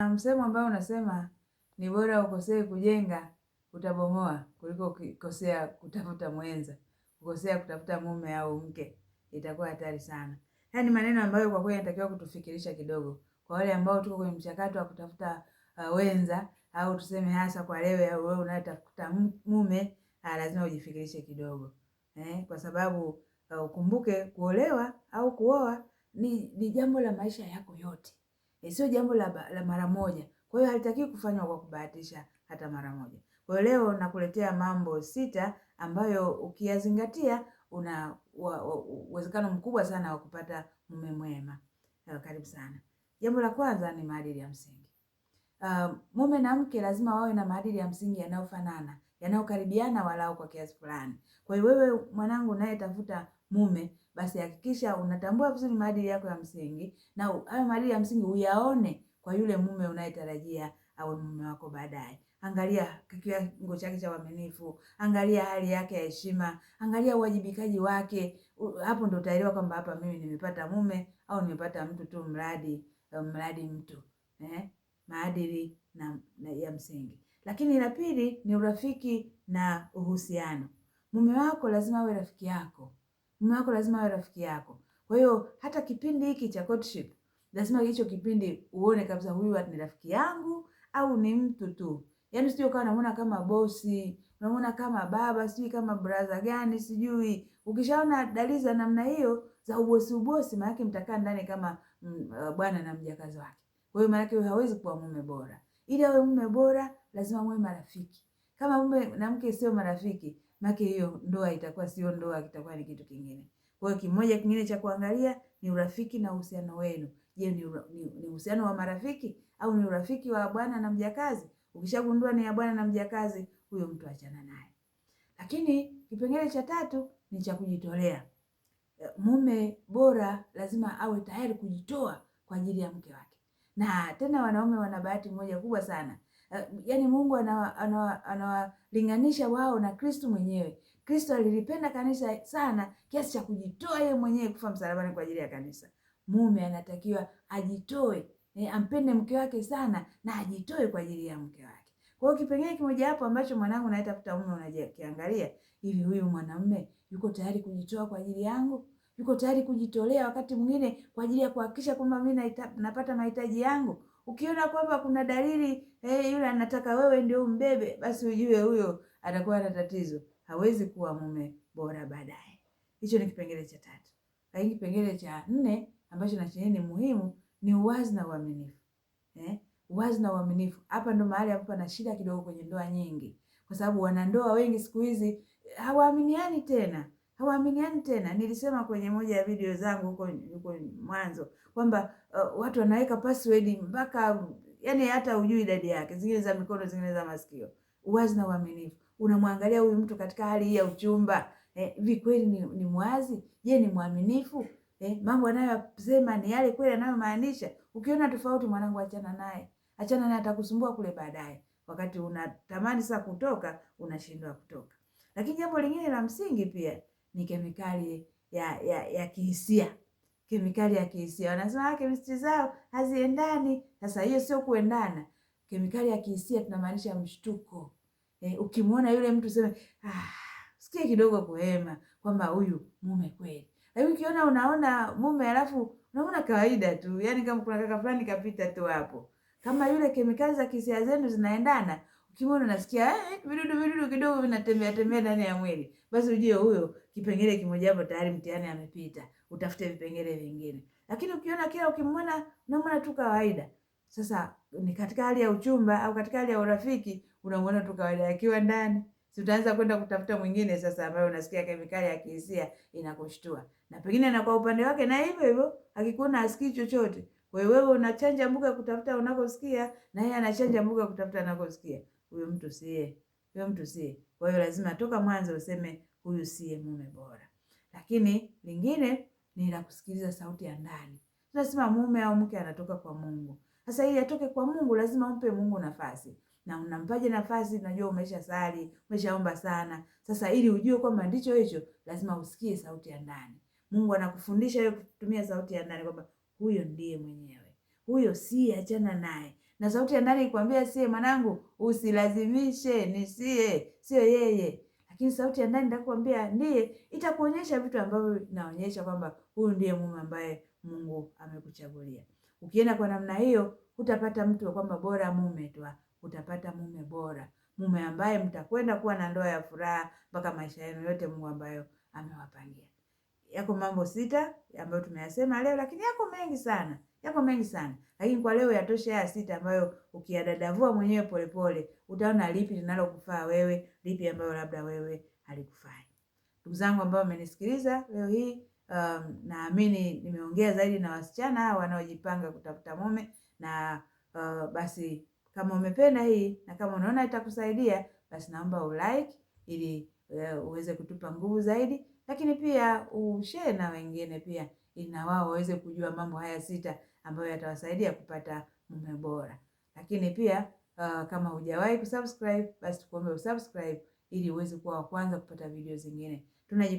Na msemo ambao unasema ni bora ukosee kujenga utabomoa kuliko ukikosea kutafuta mwenza, kukosea kutafuta mume au mke itakuwa hatari sana. Haya ni maneno ambayo kwa kweli yanatakiwa kutufikirisha kidogo. Kwa wale ambao tuko kwenye mchakato wa kutafuta uh, wenza au tuseme hasa kwa leo ya wewe unayetafuta mume, uh, lazima ujifikirishe kidogo. Eh, kwa sababu uh, ukumbuke kuolewa au kuoa ni, ni jambo la maisha yako yote. Eh, sio jambo la, la mara moja. Kwa hiyo halitakiwi kufanywa kwa kubahatisha hata mara moja. Kwa hiyo leo nakuletea mambo sita ambayo ukiyazingatia una uwezekano mkubwa sana wa kupata mume mwema. Eh, karibu sana. Jambo la kwanza ni maadili ya msingi. Uh, mume na mke lazima wawe na maadili ya msingi yanayofanana yanayokaribiana walau kwa kiasi fulani. Kwa hiyo wewe mwanangu, unayetafuta mume, basi hakikisha unatambua vizuri maadili yako ya msingi, na hayo maadili ya msingi uyaone kwa yule mume unayetarajia awe mume wako baadaye. Angalia kiwango chake cha uaminifu, angalia hali yake ya heshima, angalia uwajibikaji wake. Hapo ndo utaelewa kwamba hapa mimi nimepata mume au nimepata mtu tu mradi mradi mtu eh, maadili na, na ya msingi. Lakini la pili ni urafiki na uhusiano. Mume wako lazima awe rafiki yako, mume wako lazima awe rafiki yako. Kwa hiyo hata kipindi hiki cha courtship lazima hicho kipindi uone kabisa huyu ni rafiki yangu au ni mtu tu, yaani sio kama unamuona kama bosi, unamuona kama baba, sijui kama brother gani, sijui. Ukishaona dalili za namna hiyo za ubosi ubosi, maanake mtakaa ndani kama m, mm, bwana na mjakazi wake. Kwa hiyo maana huyo hawezi kuwa mume bora. Ili awe mume bora lazima muwe marafiki. Kama mume na mke sio marafiki, make hiyo ndoa itakuwa sio ndoa, itakuwa ni kitu kingine. Kwa hiyo kimoja kingine cha kuangalia ni urafiki na uhusiano wenu. Je, ni uhusiano wa marafiki au ni urafiki wa bwana na mjakazi? Ukishagundua ni ya bwana na mjakazi, huyo mtu achana naye. Lakini kipengele cha tatu ni cha kujitolea. Mume bora lazima awe tayari kujitoa kwa ajili ya mke wake, na tena wanaume wana bahati moja kubwa sana Eh, yani Mungu anawalinganisha wao na Kristo mwenyewe. Kristo alilipenda kanisa sana kiasi cha kujitoa yeye mwenyewe kufa msalabani kwa ajili ya kanisa. Mume anatakiwa ajitoe, e, ampende mke wake sana na ajitoe kwa ajili ya mke wake. Kwa hiyo kipengele kimoja hapo ambacho mwanangu naita kutaume, unajiangalia hivi, huyu mwanamume yuko tayari kujitoa kwa ajili yangu? Yuko tayari kujitolea wakati mwingine kwa ajili ya kuhakikisha kwamba mimi napata mahitaji yangu? Ukiona kwamba kuna dalili eh, yule anataka wewe ndio umbebe, basi ujue huyo atakuwa na tatizo, hawezi kuwa mume bora baadaye. Hicho ni kipengele cha tatu. Lakini kipengele cha nne ambacho nacheni ni muhimu ni uwazi na uaminifu eh? Uwazi na uaminifu, hapa ndo mahali ambapo pana shida kidogo kwenye ndoa nyingi, kwa sababu wanandoa wengi siku hizi eh, hawaaminiani tena hawaaminiani tena. Nilisema kwenye moja ya video zangu huko huko mwanzo kwamba uh, watu wanaweka password mpaka yani hata ujui idadi yake, zingine za mikono, zingine za masikio. Uwazi na uaminifu, unamwangalia huyu mtu katika hali hii ya uchumba hivi eh, kweli ni, ni mwazi? Je, ni mwaminifu? Eh, mambo anayosema ni yale kweli anayomaanisha? Ukiona tofauti, mwanangu, achana naye, achana naye, atakusumbua kule baadaye, wakati unatamani sasa kutoka unashindwa kutoka. Lakini jambo lingine la msingi pia ni kemikali ya, ya, ya kihisia, kemikali ya kihisia. Wanasema kemistri ah, zao haziendani. Sasa hiyo sio kuendana. Kemikali ya kihisia tunamaanisha mshtuko. e, ukimwona yule mtu sema ah, sikia kidogo kuhema kwamba huyu mume kweli, lakini ukiona unaona mume alafu unaona kawaida tu, yani kama kuna kaka fulani kapita tu hapo, kama yule kemikali za kihisia zenu zinaendana, ukimwona unasikia eh, vidudu vidudu kidogo vinatembea tembea ndani ya mwili, basi ujue huyo kipengele kimojawapo tayari mtihani amepita, utafute vipengele vingine. Lakini ukiona kila ukimwona unamwona tu kawaida, sasa ni katika hali ya uchumba au katika hali ya urafiki, unamwona tu kawaida. Akiwa ndani, si utaanza kwenda kutafuta mwingine sasa, ambaye unasikia kemikali ya kihisia inakushtua, na pengine na kwa upande wake na hivyo hivyo, akikuona asikii chochote kwa hiyo wewe unachanja mbuga kutafuta unakosikia, na yeye anachanja mbuga kutafuta anakosikia. Huyo mtu siye, huyo mtu siye. Kwa hiyo lazima toka mwanzo useme huyu siye mume bora. Lakini lingine ni la kusikiliza sauti ya ndani. Tunasema mume au mke anatoka kwa Mungu. Sasa ili atoke kwa Mungu lazima umpe Mungu nafasi. Na unampaje nafasi? Najua umesha sali, umeshaomba sana. Sasa ili ujue kwamba ndicho hicho, lazima usikie sauti ya ndani. Mungu anakufundisha wewe kutumia sauti ya ndani kwamba huyo ndiye mwenyewe. Huyo si achana naye. Na sauti ya ndani ikwambia sie mwanangu, usilazimishe, nisie, sio yeye lakini sauti ya ndani itakuambia ndiye, itakuonyesha vitu ambavyo inaonyesha kwamba huyu ndiye mume ambaye Mungu amekuchagulia. Ukienda kwa namna hiyo, utapata mtu kwamba bora mume tu, utapata mume bora, mume ambaye mtakwenda kuwa na ndoa ya furaha mpaka maisha yenu yote, Mungu ambayo amewapangia. Yako mambo sita ambayo tumeyasema leo, lakini yako mengi sana. Yapo mengi sana, lakini kwa leo yatosha haya sita ambayo ukiyadadavua mwenyewe polepole utaona lipi linalokufaa wewe, lipi ambayo labda wewe halikufai. Ndugu zangu ambao mmenisikiliza leo hii, um, naamini nimeongea zaidi na wasichana hawa wanaojipanga kutafuta mume na uh, basi kama umependa hii na kama unaona itakusaidia basi naomba ulike ili uh, uweze kutupa nguvu zaidi, lakini pia ushare na wengine pia, ili na wao waweze kujua mambo haya sita ambayo yatawasaidia kupata mume bora. Lakini pia uh, kama hujawahi kusubscribe basi tukuombe usubscribe ili uweze kuwa wa kwanza kupata video zingine.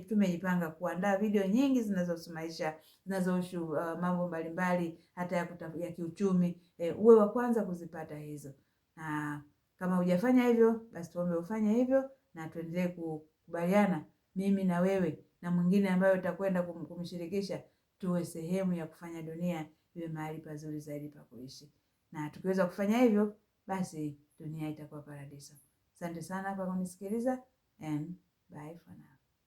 Tumejipanga kuandaa video nyingi zinazohusu maisha, zinazohusu uh, mambo mbalimbali hata ya, ya kiuchumi. E, uwe wa kwanza kuzipata hizo, na kama hujafanya hivyo basi tuombe ufanye hivyo, na tuendelee kukubaliana mimi na wewe na mwingine ambayo utakwenda kumshirikisha, tuwe sehemu ya kufanya dunia iwe mahali pazuri zaidi pa kuishi, na tukiweza kufanya hivyo, basi dunia itakuwa paradiso. Asante sana kwa kunisikiliza and bye for now.